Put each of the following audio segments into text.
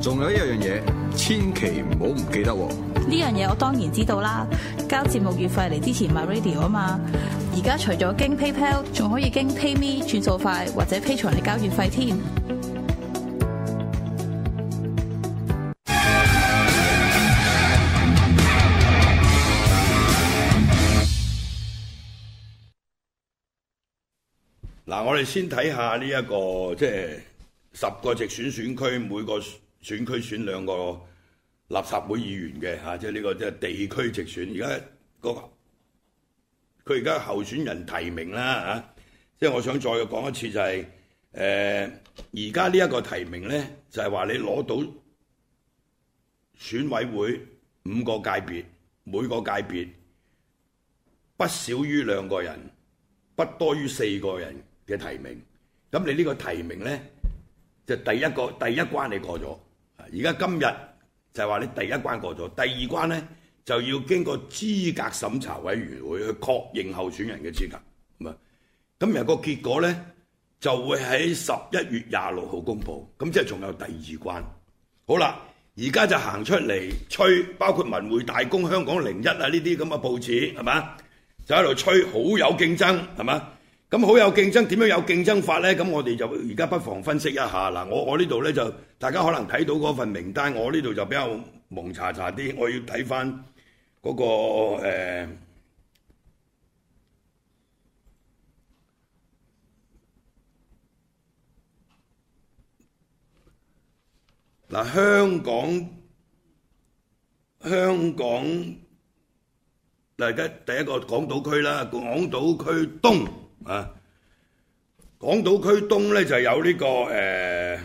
仲有一樣嘢，千祈唔好唔記得喎！呢樣嘢我當然知道啦，交節目月費嚟之前 MyRadio 啊嘛！而家除咗經 PayPal，仲可以經 PayMe 轉數快，或者 Patreon 嚟交月費添。嗱， 我哋先睇下呢一個，即係十個直選選區每個。選區選兩個垃圾會議員嘅嚇，即係呢個即係地區直選。而家個佢而家候選人提名啦嚇，即係我想再講一次就係誒，而家呢一個提名咧，就係話你攞到選委會五個界別，每個界別不少於兩個人，不多於四個人嘅提名。咁你呢個提名咧，就第一個第一關你過咗。而家今日就係話你第一關過咗，第二關呢就要經過資格審查委員會去確認候選人嘅資格。咁啊，今日個結果呢就會喺十一月廿六號公佈。咁即係仲有第二關。好啦，而家就行出嚟吹，包括文匯大公、香港零一啊呢啲咁嘅報紙，係嘛？就喺度吹好有競爭，係嘛？咁好有競爭，點樣有競爭法呢？咁我哋就而家不妨分析一下嗱，我我呢度呢就大家可能睇到嗰份名單，我呢度就比較蒙查查啲，我要睇返嗰個誒，嗱，香港香港大家第一個港島區啦，港島區東。啊！港島區東咧就有呢、這個誒，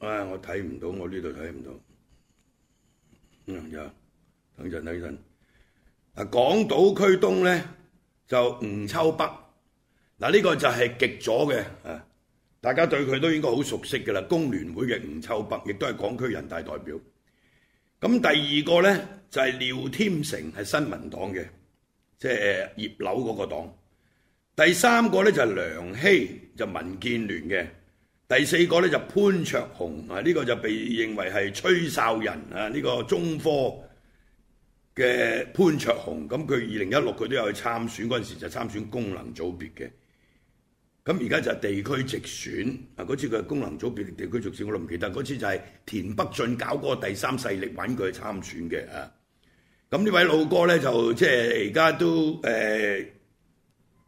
啊、呃、我睇唔到，我呢度睇唔到、嗯。有，等陣等陣。啊，港島區東咧就吳秋北，嗱、啊、呢、這個就係極左嘅，啊，大家對佢都應該好熟悉噶啦。工聯會嘅吳秋北，亦都係港區人大代表。咁第二個咧就係、是、廖天成，係新民黨嘅。即葉劉嗰個黨，第三個咧就梁熙，就是、民建聯嘅；第四個咧就潘焯鴻，啊，呢個就被認為係吹哨人。啊，呢個中科嘅潘焯鴻，咁佢二零一六佢都有去參選嗰陣時就參選功能組別嘅。咁而家就地區直選啊，嗰次佢係功能組別地區直選，直選我都唔記得嗰次就係田北俊搞嗰個第三勢力揾佢去參選嘅啊。咁呢位老哥咧就即係而家都誒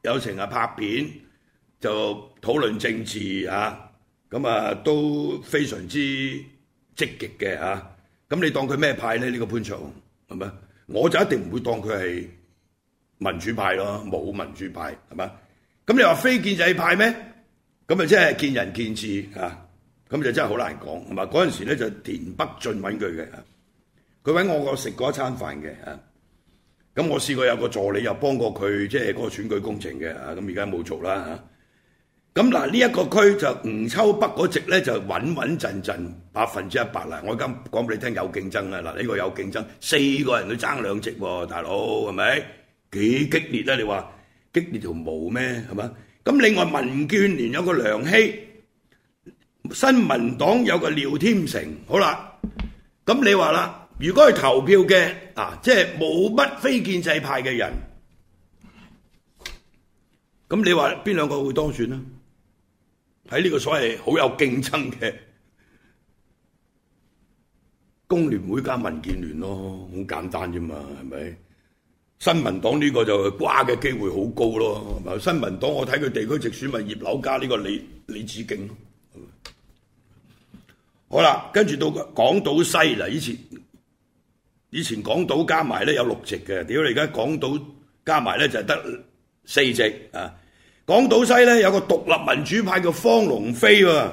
有成日拍片，就討論政治嚇，咁啊都非常之積極嘅嚇。咁你當佢咩派咧？呢個潘焯鴻係咪？我就一定唔會當佢係民主派咯，冇民主派係嘛？咁你話非建制派咩？咁啊即係見仁見智嚇，咁就真係好難講。係嘛，嗰陣時咧就田北俊揾佢嘅。佢搵我，我食過一餐飯嘅，啊，咁我試過有個助理又幫過佢，即係嗰個選舉工程嘅，啊，咁而家冇做啦，吓，咁嗱呢一個區就吳秋北嗰席咧就穩穩陣陣百分之一百啦，我而家講俾你聽有競爭啊，嗱呢個有競爭，四個人都爭兩席，大佬係咪？幾激烈啊？你話激烈條毛咩？係嘛？咁另外民建聯有個梁希，新民黨有個廖天成，好啦，咁你話啦？如果係投票嘅啊，即係冇乜非建制派嘅人，咁你話邊兩個會當選呢？喺呢個所謂好有競爭嘅工聯會加民建聯咯，好簡單啫嘛，係咪？新民黨呢個就瓜嘅、呃、機會好高咯，係咪新民黨我睇佢地區直選，咪葉劉加呢、呢個李李梓敬。好啦，跟住到港島西嗱、啊，以前。以前港島加埋咧有六席嘅，屌你而家港島加埋咧就係得四席啊！港島西咧有個獨立民主派叫方龍飛喎、啊，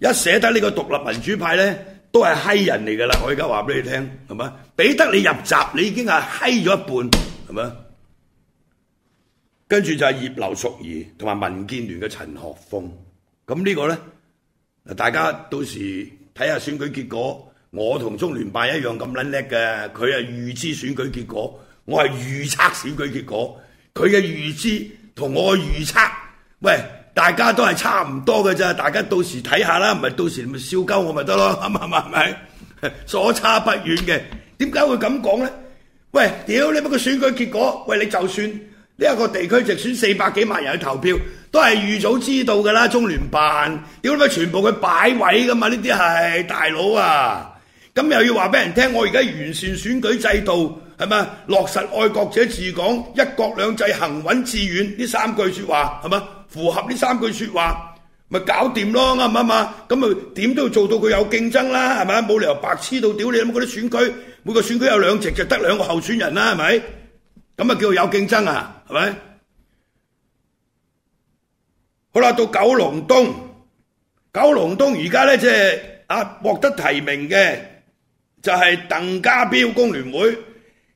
一寫得呢個獨立民主派咧都係閪人嚟㗎啦！我而家話俾你聽，係咪？俾得你入閘，你已經係閪咗一半，係咪？跟住就係葉劉淑儀同埋民建聯嘅陳學鋒，咁呢個咧，大家到時睇下選舉結果。我同中聯辦一樣咁撚叻嘅，佢係預知選舉結果，我係預測選舉結果。佢嘅預知同我嘅預測，喂，大家都係差唔多嘅咋？大家到時睇下啦，唔係到時咪笑鳩我咪得咯，係咪？係咪？所差不遠嘅。點解會咁講咧？喂，屌你乜嘅選舉結果？喂，你就算呢一個地區直選四百幾萬人去投票，都係預早知道㗎啦。中聯辦，屌你咪全部佢擺位㗎嘛？呢啲係大佬啊！咁又要話畀人聽，我而家完善選舉制度係嘛，落實愛國者治港、一國兩制、行穩致遠呢三句說話係嘛，符合呢三句說話咪搞掂咯，啱唔啱啊？咁咪點都要做到佢有競爭啦，係咪啊？冇理由白痴到屌你，有冇嗰啲選舉？每個選舉有兩席，就得兩個候選人啦，係咪？咁啊叫做有競爭啊，係咪？好啦，到九龍東，九龍東而家咧即係啊，獲得提名嘅。就係鄧家彪，工聯會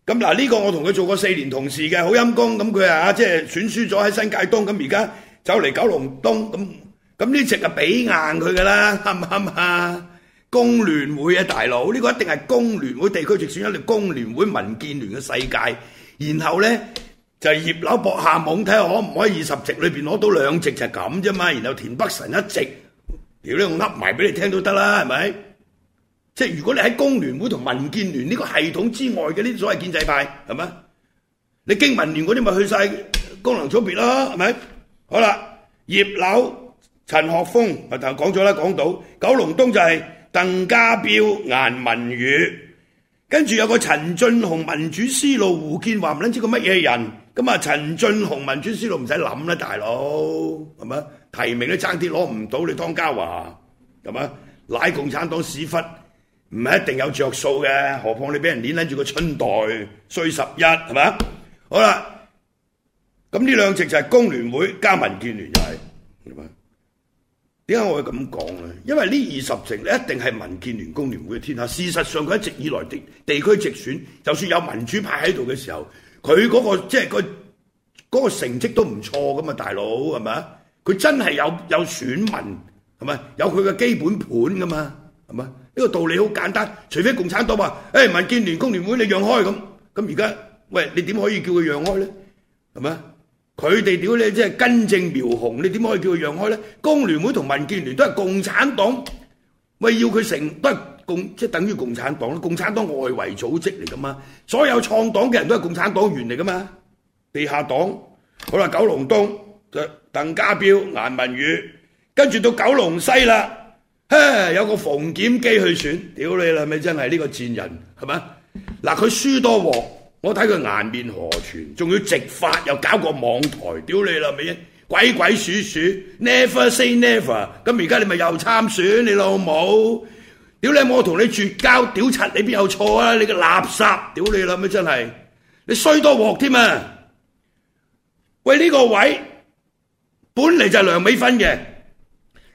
咁嗱。呢個我同佢做過四年同事嘅，好陰公咁佢啊，即係選輸咗喺新界東，咁而家走嚟九龍東咁，咁呢席就俾硬佢噶啦，啱唔啱啊？工聯會啊，大佬呢、呢個一定係工聯會地區直選，因為工聯會民建聯嘅世界，然後咧就係、葉劉博下網，睇下可唔可以二十席裏邊攞到兩席就係咁啫嘛，然後田北辰一席，屌你，我呃埋俾你聽都得啦，係咪？即係如果你喺工聯會同民建聯呢個系統之外嘅呢啲所謂建制派係咪？你經民聯嗰啲咪去晒功能組別啦，係咪？好啦，葉劉、陳學鋒啊，頭講咗啦，講到九龍東就係鄧家彪、顏文宇，跟住有個陳俊雄、民主思路胡建華，唔撚知個乜嘢人？咁啊，陳俊雄、民主思路唔使諗啦，大佬係咪？提名都爭啲攞唔到你，你湯家驊係咪？賴共產黨屎忽！唔係一定有着數嘅，何況你俾人捏捻住個春袋衰十一，係咪啊？好啦，咁呢兩席就係工聯會加民建聯，又係點解？點解我會咁講咧？因為呢二十席一定係民建聯、工聯會嘅天下。事實上，佢一直以來地地區直選，就算有民主派喺度嘅時候，佢嗰個即係佢嗰個成績都唔錯噶嘛，大佬係咪啊？佢真係有有選民係咪？有佢嘅基本盤噶嘛，係咪？呢個道理好簡單，除非共產黨話：誒民建聯、工聯會，你讓開咁。咁而家，喂，你點可以叫佢讓開咧？係咪啊？佢哋點咧？即係根正苗紅，你點可以叫佢讓開咧？工聯會同民建聯都係共產黨，喂，要佢成都係共，即係等於共產黨。共產黨外圍組織嚟㗎嘛。所有創黨嘅人都係共產黨員嚟㗎嘛。地下黨，好啦，九龍東，鄧鄧家彪、顏文宇，跟住到九龍西啦。誒、哎，有個馮檢基去選，屌你啦，咪真係呢、這個賤人，係咪？嗱，佢輸多鑊，我睇佢顏面何存？仲要直髮又搞個網台，屌你啦，咪鬼鬼祟祟 never say never。咁而家你咪又參選，你老母，屌你冇？我同你絕交，屌柒你邊有錯啊？你個垃圾，屌你啦，咪真係，你衰多鑊添啊？喂，呢、這個位本嚟就係梁美芬嘅。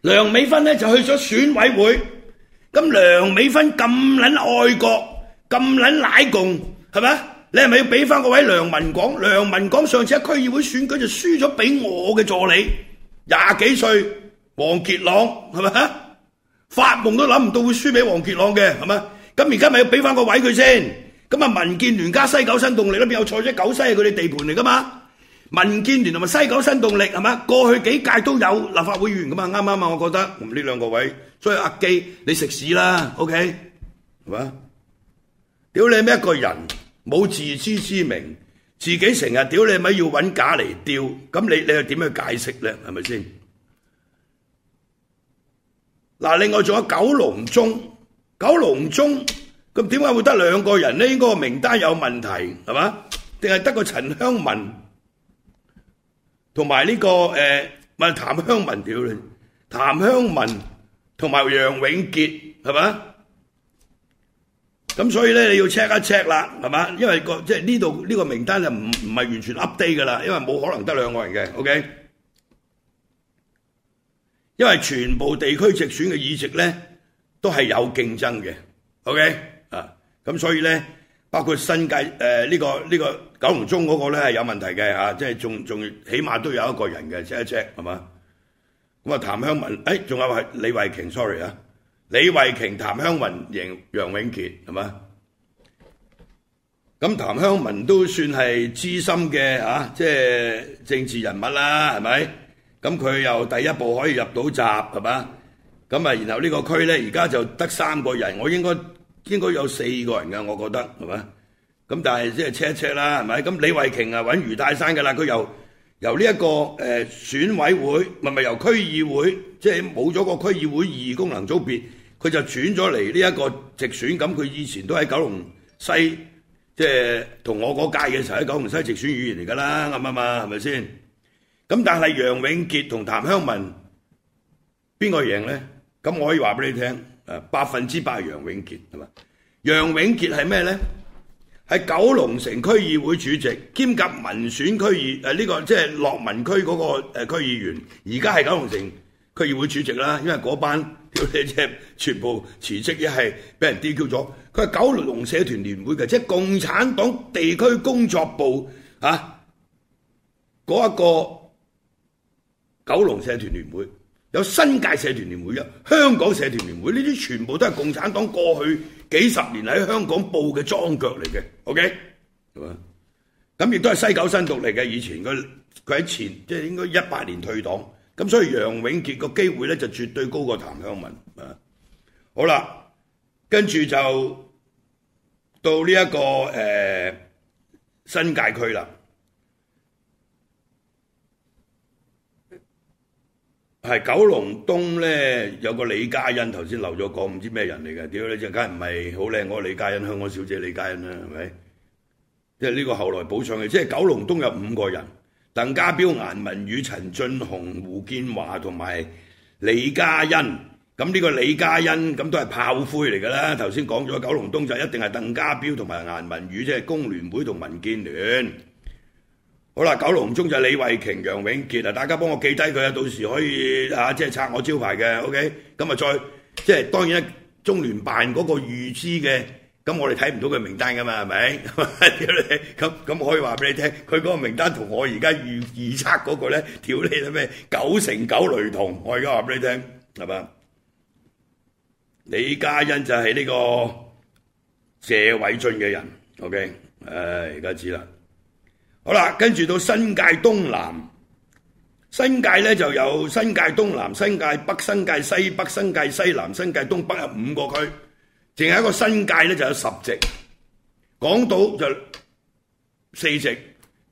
梁美芬咧就去咗選委會，咁梁美芬咁捻愛國，咁捻奶共，係咪啊？你係咪要俾翻個位梁文廣？梁文廣上次喺區議會選舉就輸咗俾我嘅助理，廿幾歲黃傑朗，係咪啊？發夢都諗唔到會輸俾黃傑朗嘅，係咪？咁而家咪要俾翻個位佢先？咁啊，民建聯加西九新動力咧，變又坐咗九西佢哋地盤嚟㗎嘛？民建聯同埋西九新動力係嘛，過去幾屆都有立法會議員噶嘛，啱唔啱啊？我覺得呢兩個位，所以阿基你食屎啦，OK 係嘛？屌你咩一個人，冇自知之明，自己成日屌你咪要揾假嚟釣，咁你你又點去解釋咧？係咪先？嗱，另外仲有九龍中，九龍中咁點解會得兩個人咧？應該個名單有問題係嘛？定係得個陳香文？同埋呢個誒，咪譚香文屌你，譚香文同埋楊永傑係嘛？咁所以咧你要 check 一 check 啦，係嘛？因為個即係呢度呢個名單就唔唔係完全 update 嘅啦，因為冇可能得兩個人嘅，OK？因為全部地區直選嘅議席咧，都係有競爭嘅，OK？啊，咁所以咧。包括新界誒呢、呃這個呢、這個九龍中嗰個咧係有問題嘅嚇、啊，即係仲仲起碼都有一個人嘅，check 一 check 係嘛？咁啊，譚香文誒仲、哎、有係李慧瓊，sorry 啊，李慧瓊、譚香文贏楊永傑係嘛？咁譚香文都算係資深嘅嚇、啊，即係政治人物啦，係咪？咁佢又第一步可以入到閘係嘛？咁啊，然後個區呢個區咧而家就得三個人，我應該。應該有四個人嘅，我覺得係咪？咁但係即係車一車啦，係咪？咁李慧瓊啊揾余大山㗎啦，佢由由呢、這、一個誒、呃、選委會，唔係唔係由區議會，即係冇咗個區議會議功能組別，佢就轉咗嚟呢一個直選。咁佢以前都喺九龍西，即係同我嗰屆嘅時候喺九龍西直選議員嚟㗎啦，啱唔啱啊？係咪先？咁但係楊永傑同譚香文邊個贏咧？咁我可以話俾你聽。誒百分之百楊永杰，係嘛？楊永杰係咩咧？係九龍城區議會主席，兼夾民選區議誒呢、呃這個即係樂民區嗰個誒區議員，而家係九龍城區議會主席啦。因為嗰班叫你即全部辭職，一係俾人 DQ 咗。佢係九龍社團聯會嘅，即係共產黨地區工作部啊嗰一個九龍社團聯會。有新界社團聯會啊，香港社團聯會呢啲全部都係共產黨過去幾十年喺香港布嘅樁腳嚟嘅，OK？係嘛吧？咁亦都係西九新獨立嘅，以前佢佢喺前即係應該一八年退黨，咁所以楊永傑個機會咧就絕對高過譚香文啊！好啦，跟住就到呢、這、一個誒、呃、新界區啦。係九龍東咧，有個李嘉欣，頭先留咗講，唔知咩人嚟嘅。屌你，即係梗係唔係好靚，我、嗰個、李嘉欣香港小姐李嘉欣啦，係咪？即係呢個後來補上嘅，即係九龍東有五個人：鄧家彪、顏文宇、陳俊雄、胡建華同埋李嘉欣。咁呢個李嘉欣咁都係炮灰嚟噶啦。頭先講咗九龍東就一定係鄧家彪同埋顏文宇，即係工聯會同民建聯。好啦，九龍中就係李慧瓊、楊永杰啊，大家幫我記低佢啊，到時可以啊，即係拆我招牌嘅，OK？咁啊，再即係當然，中聯辦嗰個預知嘅，咁我哋睇唔到佢名單噶嘛，係咪？咁 咁我可以話俾你聽，佢嗰個名單同我而家預預測嗰個咧，條脷咩九成九雷同，我而家話俾你聽，係嘛？李嘉欣就係呢個謝偉俊嘅人，OK？誒、哎，而家知啦。好啦，跟住到新界東南，新界咧就有新界東南、新界北、新界西北、新界西南、新界東北，有五個區，淨係一個新界咧就有十席，港島就四席，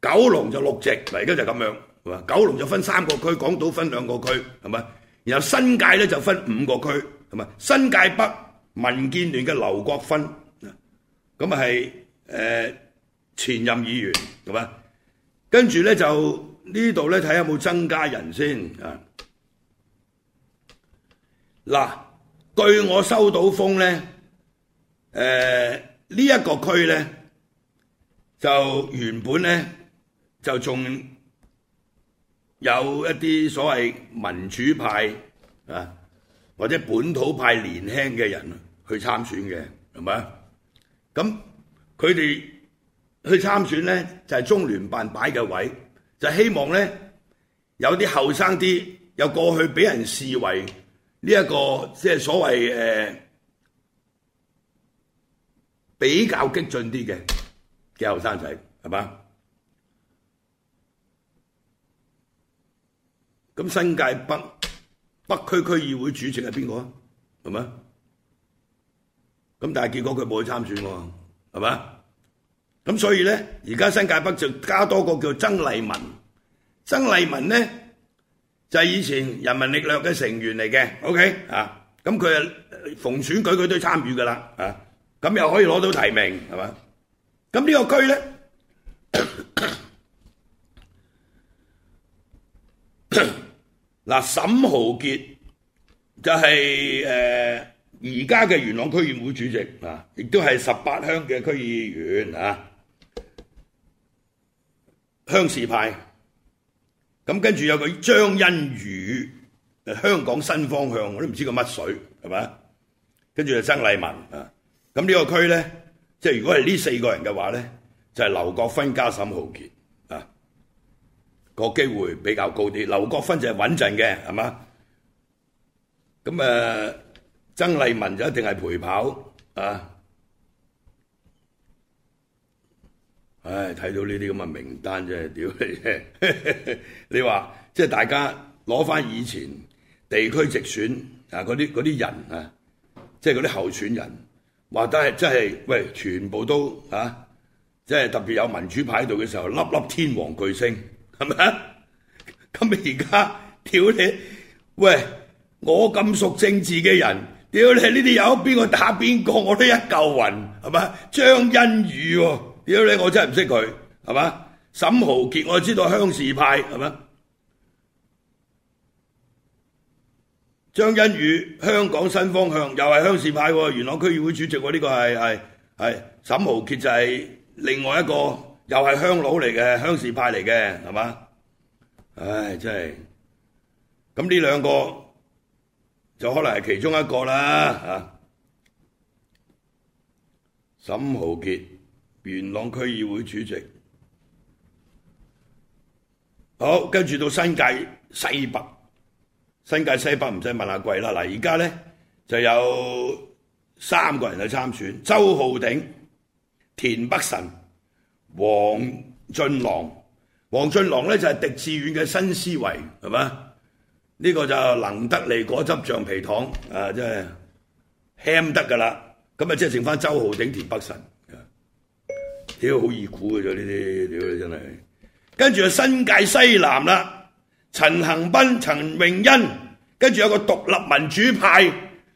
九龍就六席，嗱，而家就咁樣，哇！九龍就分三個區，港島分兩個區，係咪？然後新界咧就分五個區，係咪？新界北民建聯嘅劉國芬，咁啊係誒前任議員，係咪？跟住咧就呢度咧睇下有冇增加人先啊！嗱，據我收到風咧，誒、呃這個、呢一個區咧就原本咧就仲有一啲所謂民主派啊或者本土派年輕嘅人去參選嘅係嘛？咁佢哋。去參選呢，就係中聯辦擺嘅位，就希望呢，有啲後生啲，有過去俾人視為呢一個即係所謂誒比較激進啲嘅嘅後生仔，係嘛？咁新界北北區區議會主席係邊個啊？係咪？咁但係結果佢冇去參選喎，係嘛？咁所以咧，而家新界北就加多個叫曾麗文，曾麗文咧就係、是、以前人民力量嘅成員嚟嘅，OK 啊？咁佢啊逢選舉佢都參與噶啦，啊咁又可以攞到提名係嘛？咁呢個區咧，嗱、 啊、沈豪傑就係誒而家嘅元朗區議會主席啊，亦都係十八鄉嘅區議員啊。鄉事派，跟住有個張欣宇，香港新方向我都唔知佢乜水，跟住就曾麗文啊，咁呢個區呢，即係如果係呢四個人嘅話呢就係、是、劉國勳加沈豪傑啊，那個機會比較高啲。劉國勳就係穩陣嘅，係嘛？咁誒、呃，曾麗文就一定係陪跑啊。唉，睇到呢啲咁嘅名單真係屌你！你話即係大家攞翻以前地區直選啊，嗰啲啲人啊，即係嗰啲候選人，話得係真係喂，全部都啊，即係特別有民主派喺度嘅時候，粒粒天王巨星係咪啊？咁而家屌你，喂，我咁熟政治嘅人，屌你呢啲有邊個打邊個，我都一嚿雲係咪？張欣宇喎。哦。點解咧？我真係唔識佢，係嘛？沈豪傑我知道鄉事派，係嘛？張欣宇香港新方向又係鄉事派，元朗區議會主席，呢個係係係沈豪傑就係另外一個，又係鄉老嚟嘅鄉事派嚟嘅，係嘛？唉，真係咁呢兩個就可能係其中一個啦，吓沈豪傑。元朗區議會主席，好，跟住到新界西北，新界西北唔使問阿貴啦。嗱，而家咧就有三個人去參選：周浩鼎、田北辰、黃俊郎。黃俊郎咧就係狄志遠嘅新思維，係咪？呢個就能得利果汁橡皮糖啊，即係輕得噶啦。咁啊，即係剩翻周浩鼎、田北辰。屌好易估嘅咋呢啲屌，真係。跟住就新界西南啦，陳恒斌、陳穎欣，跟住有個獨立民主派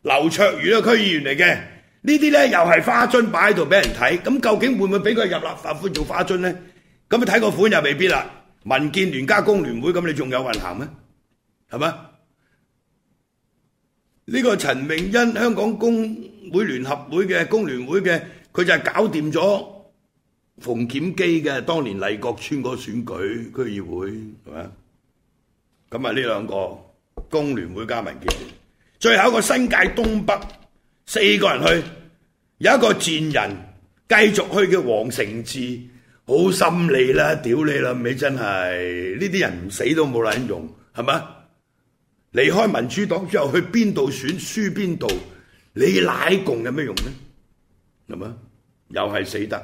劉卓瑜嘅區議員嚟嘅，呢啲咧又係花樽擺喺度俾人睇，咁究竟會唔會俾佢入立法會做花樽咧？咁睇個款又未必啦。民建聯加工聯會咁，你仲有運行咩？係嘛？呢個陳穎欣，香港工會聯合會嘅工聯會嘅，佢就係搞掂咗。馮檢基嘅當年麗閣村嗰個選舉區議會係咪啊？咁啊呢兩個工聯會加民建聯，最後一個新界東北四個人去，有一個賤人繼續去嘅黃成智，好心理啦，屌你啦，你真係呢啲人唔死都冇捻用，係嘛？離開民主黨之後去邊度選輸邊度，你奶共有咩用呢？係嘛？又係死得。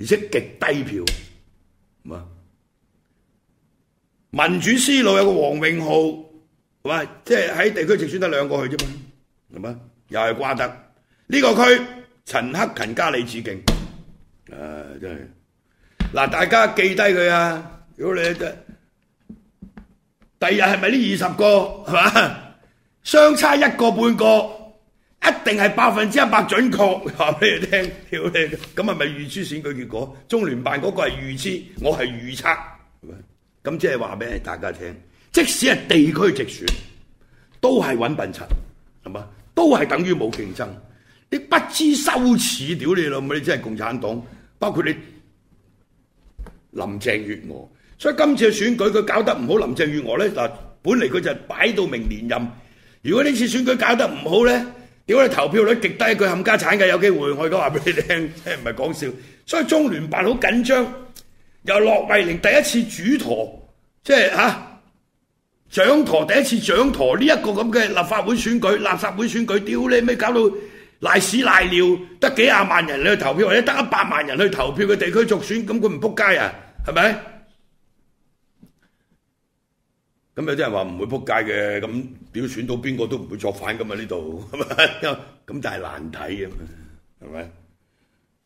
而且極低票，民主思路有個黃榮浩，係即係喺地區直選得兩個去啫嘛，又係瓜得呢、呢個區，陳克勤加李梓敬，啊、真係嗱，大家記低佢啊！如果你第二日係咪呢二十個相差一個半個。一定係百分之一百準確，話俾你聽，屌你！咁係咪預知選舉結果？中聯辦嗰個係預知，我係預測，咁即係話俾大家聽。即使係地區直選，都係穩笨柒，係嘛？都係等於冇競爭。你不知羞恥，屌你老母！你真係共產黨，包括你林鄭月娥。所以今次嘅選舉佢搞得唔好，林鄭月娥咧嗱，本嚟佢就擺到明年任。如果呢次選舉搞得唔好咧？如果你投票率極低，佢冚家產嘅有機會，我可以話俾你聽，真唔係講笑。所以中聯辦好緊張，由駱惠寧第一次主舵，即係吓掌舵第一次掌舵呢一個咁嘅立法會選舉、垃圾會選舉，屌你，咩搞到瀨屎瀨尿，得幾廿萬人嚟投票，或者得一百萬人去投票嘅地區直選，咁佢唔撲街啊？係咪？咁有啲人話唔會撲街嘅，咁點選到邊個都唔會作反咁啊！呢度咁， 但係難睇嘅，係咪？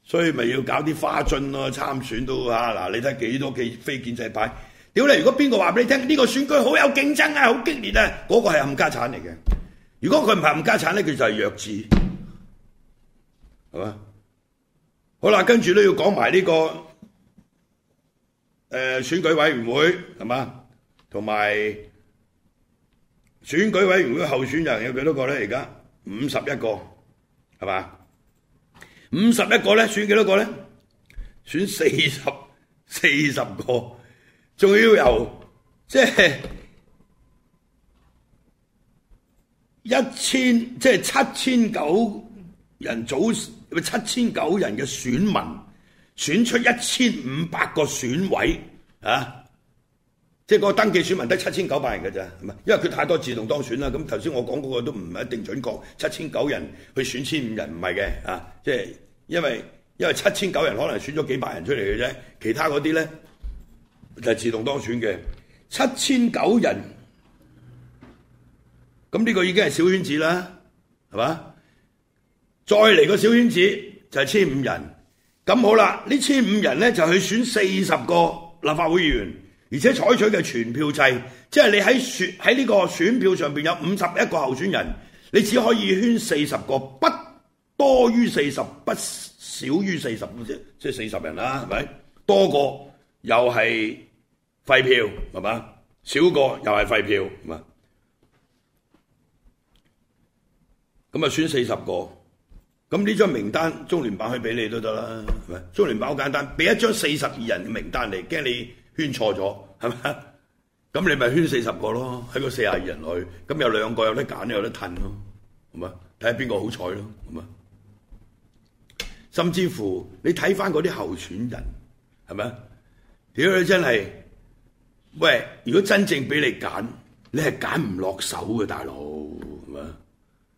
所以咪要搞啲花樽咯、啊，參選都嚇嗱、啊，你睇幾多嘅非建制派，屌你！如果邊個話俾你聽呢個選舉好有競爭啊，好激烈咧、啊，嗰、那個係冚家鏟嚟嘅。如果佢唔係冚家鏟咧，佢就係弱智，係嘛？好啦，跟住咧要講埋呢個誒、呃、選舉委員會，係嘛？同埋選舉委員會候選人有幾多個咧？而家五十一個，係嘛？五十一個咧，選幾多個咧？選四十，四十個，仲要由即係一千，即係七千九人組，七千九人嘅選民選出一千五百個選委啊！即係個登記選民得七千九百人嘅咋，係嘛？因為佢太多自動當選啦。咁頭先我講嗰個都唔一定準確，七千九人去選千五人唔係嘅啊！即係因為因為七千九人可能選咗幾百人出嚟嘅啫，其他嗰啲咧就係自動當選嘅。七千九人，咁呢個已經係小圈子啦，係嘛？再嚟個小圈子就係千五人，咁好啦。1，呢千五人咧就去選四十個立法會議員。而且採取嘅全票制，即係你喺選喺呢個選票上邊有五十一個候選人，你只可以圈四十個，不多於四十，不少於四十，即係四十人啦，係咪？多過又係廢票係嘛？少過又係廢票，係嘛？咁啊選四十個，咁呢張名單中聯辦去俾你都得啦，係咪？中聯辦好簡單，俾一張四十二人嘅名單嚟，驚你？圈錯咗係咪？咁你咪圈四十個咯，喺個四十二人內，咁有兩個有得揀，有得褪咯，啊，係嘛？睇下邊個好彩咯，係嘛？甚至乎你睇翻嗰啲候選人係咪？屌你真係！喂，如果真正俾你揀，你係揀唔落手嘅，大佬係嘛？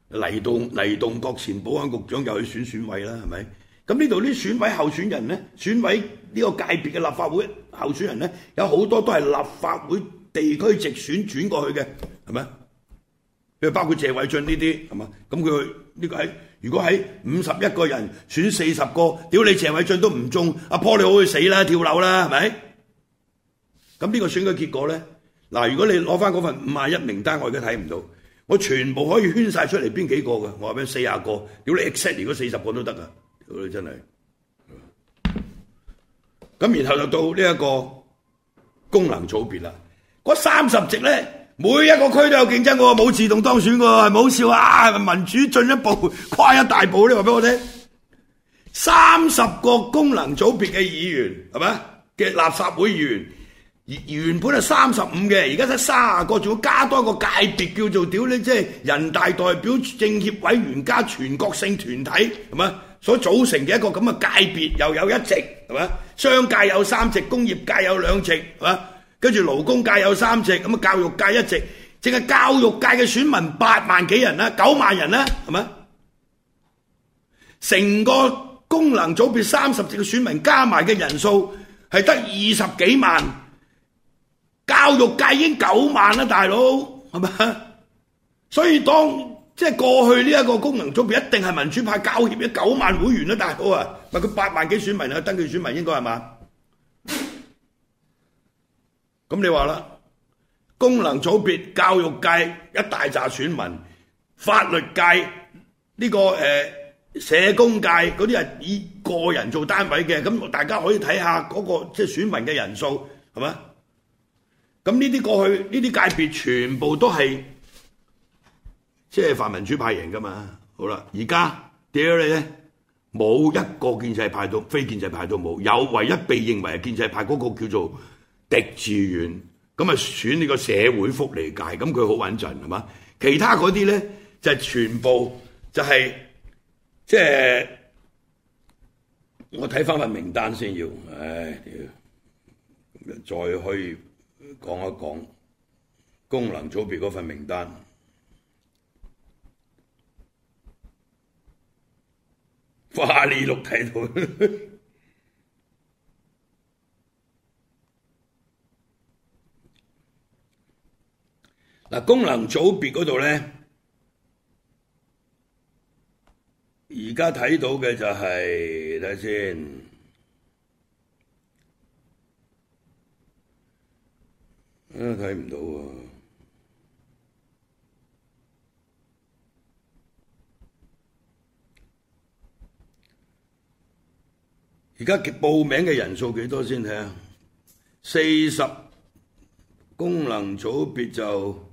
黎棟，黎棟國，前保安局長又去選選委啦，係咪？咁呢度啲選委候選人咧，選委呢個界別嘅立法會候選人咧，有好多都係立法會地區直選轉過去嘅，係咪？譬如包括謝偉俊呢啲係嘛？咁佢呢個喺如果喺五十一個人選四十個，屌你謝偉俊都唔中，阿 Paul 你好去死啦，跳樓啦係咪？咁呢個選舉結果咧？嗱，如果你攞翻嗰份五十一名單，我而家睇唔到，我全部可以圈晒出嚟邊幾個嘅？我話俾你四十個，屌你 e x c e p t 如果四十個都得噶。屌你真係！咁然後就到呢一個功能組別啦。嗰三十席咧，每一個區都有競爭噶，冇自動當選噶，係冇好笑啊！係咪民主進一步跨一大步咧？你話俾我聽，三十個功能組別嘅議員係咪啊？嘅垃圾會員原本係三十五嘅，而家得卅個，仲加多一個界別叫做屌你，即係人大代表、政協委員加全國性團體，係咪啊？所組成嘅一個咁嘅界別又有一席，係咪啊？商界有三席，工業界有兩席，係咪？跟住勞工界有三席，咁啊教育界一席，淨係教育界嘅選民八萬幾人啦，九萬人啦，係咪？成個功能組別三十席嘅選民加埋嘅人數係得二十幾萬，教育界已經九萬啦，大佬係咪？所以當即係過去呢一個功能組別，一定係民主派教協嘅九萬會員啦，大佬啊，咪佢八萬幾選民啊，登記選民應該係嘛？咁你話啦，功能組別、教育界一大紮選民、法律界呢個誒、社工界嗰啲係以個人做單位嘅，咁大家可以睇下嗰個即係選民嘅人數係嘛？咁呢啲過去呢啲界別全部都係。即係泛民主派贏㗎嘛？好啦，而家屌你咧？冇一個建制派到，非建制派都冇，有唯一被認為係建制派嗰個叫做狄志遠，咁啊選呢個社會福利界，咁佢好穩陣係嘛？其他嗰啲咧就全部就係即係我睇翻份名單先要，唉，屌，再去講一講功能組別嗰份名單。花哩碌睇到，嗱、 啊、功能組別嗰度咧，而家睇到嘅就係嚟睇先，啊睇唔到啊！而家嘅報名嘅人數幾多先睇啊？四十功能組別就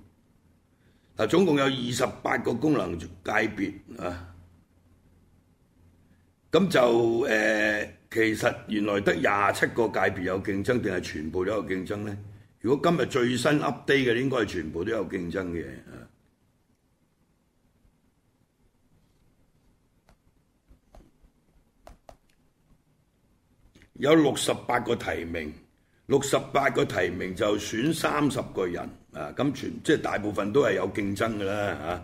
啊，總共有二十八個功能界別啊。咁就誒、呃，其實原來得廿七個界別有競爭，定係全部都有競爭咧？如果今日最新 update 嘅，應該係全部都有競爭嘅。有六十八個提名，六十八個提名就選三十個人啊！咁全即係大部分都係有競爭㗎啦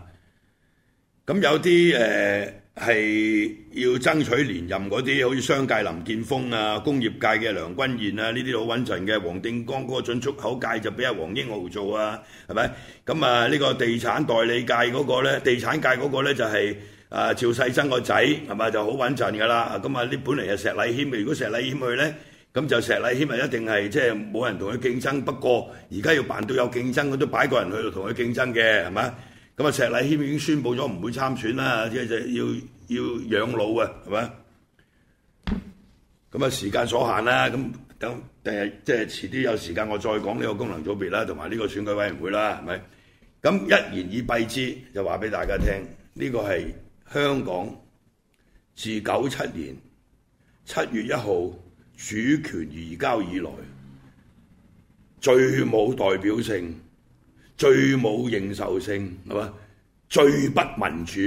嚇。咁、啊、有啲誒係要爭取連任嗰啲，好似商界林建峰啊、工業界嘅梁君彥啊，呢啲好穩陣嘅。黃定光嗰個進出口界就俾阿黃英豪做啊，係咪？咁啊，呢個地產代理界嗰個咧，地產界嗰個咧就係、是。啊！趙世爭個仔係咪就好穩陣㗎啦？咁啊，呢本嚟係石禮謙，如果石禮謙去咧，咁就石禮謙啊一定係即係冇人同佢競爭。不過而家要辦到有競爭，佢都擺個人去同佢競爭嘅係嘛？咁啊，石禮謙已經宣布咗唔會參選啦，即係要要養老啊，係嘛？咁啊，時間所限啦，咁等第日即係遲啲有時間，我再講呢個功能組別啦，同埋呢個選舉委員會啦，係咪？咁一言以蔽之，就話俾大家聽，呢、呢個係。香港自九七年七月一號主權移交以來，最冇代表性、最冇認受性，係嘛？最不民主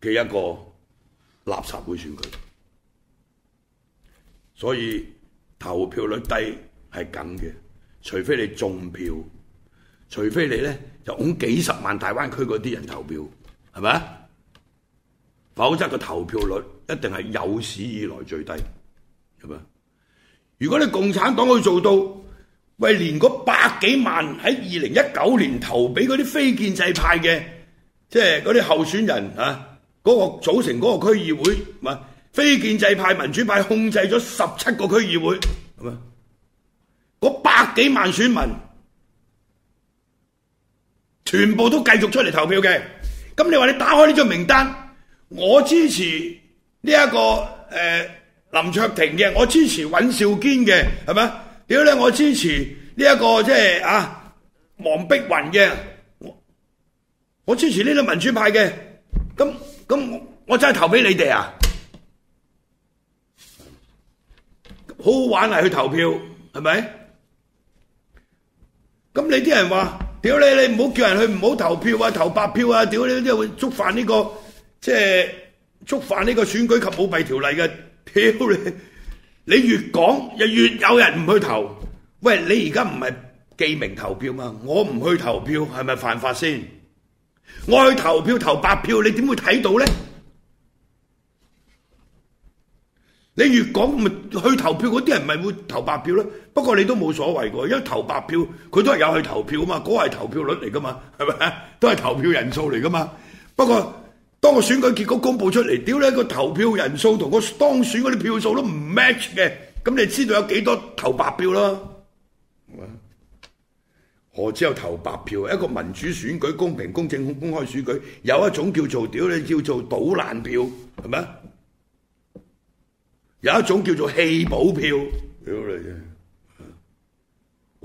嘅一個垃圾會選舉，所以投票率低係梗嘅，除非你中票，除非你咧就拱幾十萬大灣區嗰啲人投票，係咪？否則個投票率一定係有史以來最低，係咪？如果你共產黨可以做到，喂、即係，連嗰百幾萬喺二零一九年投俾嗰啲非建制派嘅，即係嗰啲候選人啊，嗰、嗰個組成嗰個區議會，係咪？非建制派民主派控制咗十七個區議會，係咪？嗰百幾萬選民全部都繼續出嚟投票嘅，咁你話你打開呢張名單？我支持呢、這、一個誒、呃、林卓廷嘅，我支持尹兆堅嘅，係咪？屌你，我支持呢、這、一個即係、就是、啊黃碧雲嘅，我我支持呢個民主派嘅，咁咁我真係投俾你哋啊！好好玩嚟去投票，係咪？咁你啲人話，屌你，你唔好叫人去唔好投票啊，投白票啊，屌你，即係會觸犯呢、這個。即係觸犯呢個選舉及舞弊條例嘅，屌你！你越講，又越有人唔去投。喂，你而家唔係記名投票嘛？我唔去投票，係咪犯法先？我去投票投白票，你點會睇到呢？你越講，咪去投票嗰啲人咪會投白票咯。不過你都冇所謂噶，因為投白票佢都係有去投票啊嘛，嗰係投票率嚟噶嘛，係咪都係投票人數嚟噶嘛，不過。當個選舉結果公布出嚟，屌你個投票人數同個當選嗰啲票數都唔 match 嘅，咁你知道有幾多投白票啦？係嘛吧？何止有投白票，一個民主選舉公平、公正、公開選舉，有一種叫做屌你，叫做賭爛票，係咪？有一種叫做棄保票，屌你嘅，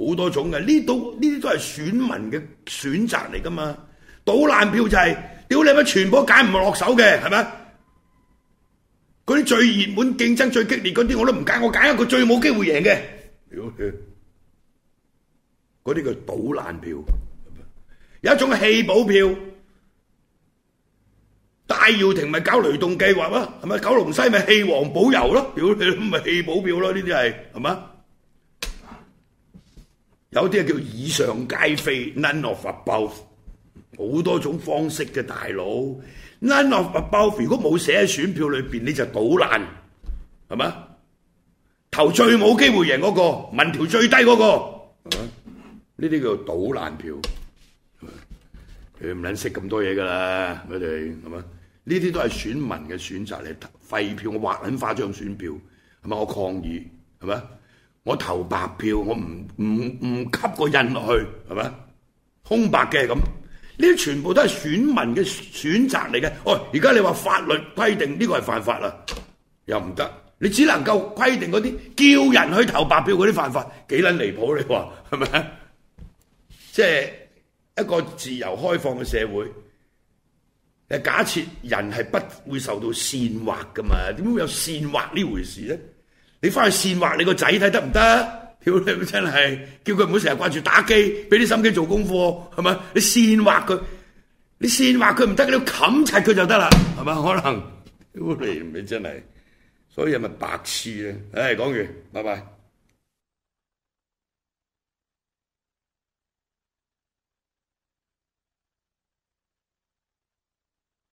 好多種嘅。呢度呢啲都係選民嘅選擇嚟噶嘛？賭爛票就係、是。屌你媽！全部揀唔落手嘅，係咪？嗰啲最熱門、競爭最激烈嗰啲，我都唔揀。我揀一個最冇機會贏嘅。屌，嗰啲叫賭爛票。有一種棄保票，戴耀廷咪搞雷動計劃咯，係咪？九龍西咪棄王保游咯，屌你，咪棄保票咯。呢啲係係咪？有啲係叫以上皆非，none of above。好多種方式嘅大佬，None of above。如果冇寫喺選票裏邊，你就賭爛，係咪？投最冇機會贏嗰個，民調最低嗰個，係咪？呢啲叫做賭爛票，佢唔撚識咁多嘢㗎啦，佢哋係咪？呢啲都係選民嘅選擇嚟，廢票我畫撚花張選票，係咪？我抗議，係咪？我投白票，我唔唔唔吸個印落去，係咪？空白嘅咁。呢啲全部都係選民嘅選擇嚟嘅，哦！而家你話法律規定呢個係犯法啦，又唔得，你只能夠規定嗰啲叫人去投白票嗰啲犯法，幾撚離譜你話係咪？即係、就是、一個自由開放嘅社會，誒？假設人係不會受到煽惑㗎嘛？點會有煽惑呢回事咧？你返去煽惑你個仔睇得唔得？屌你咪真係，叫佢唔好成日掛住打機，畀啲心機做功課，係咪？你煽惑佢，你煽惑佢唔得，你要冚晒佢就得啦，係咪？可能，屌你咪真係，所以係咪白痴咧？唉、哎，講完，拜拜。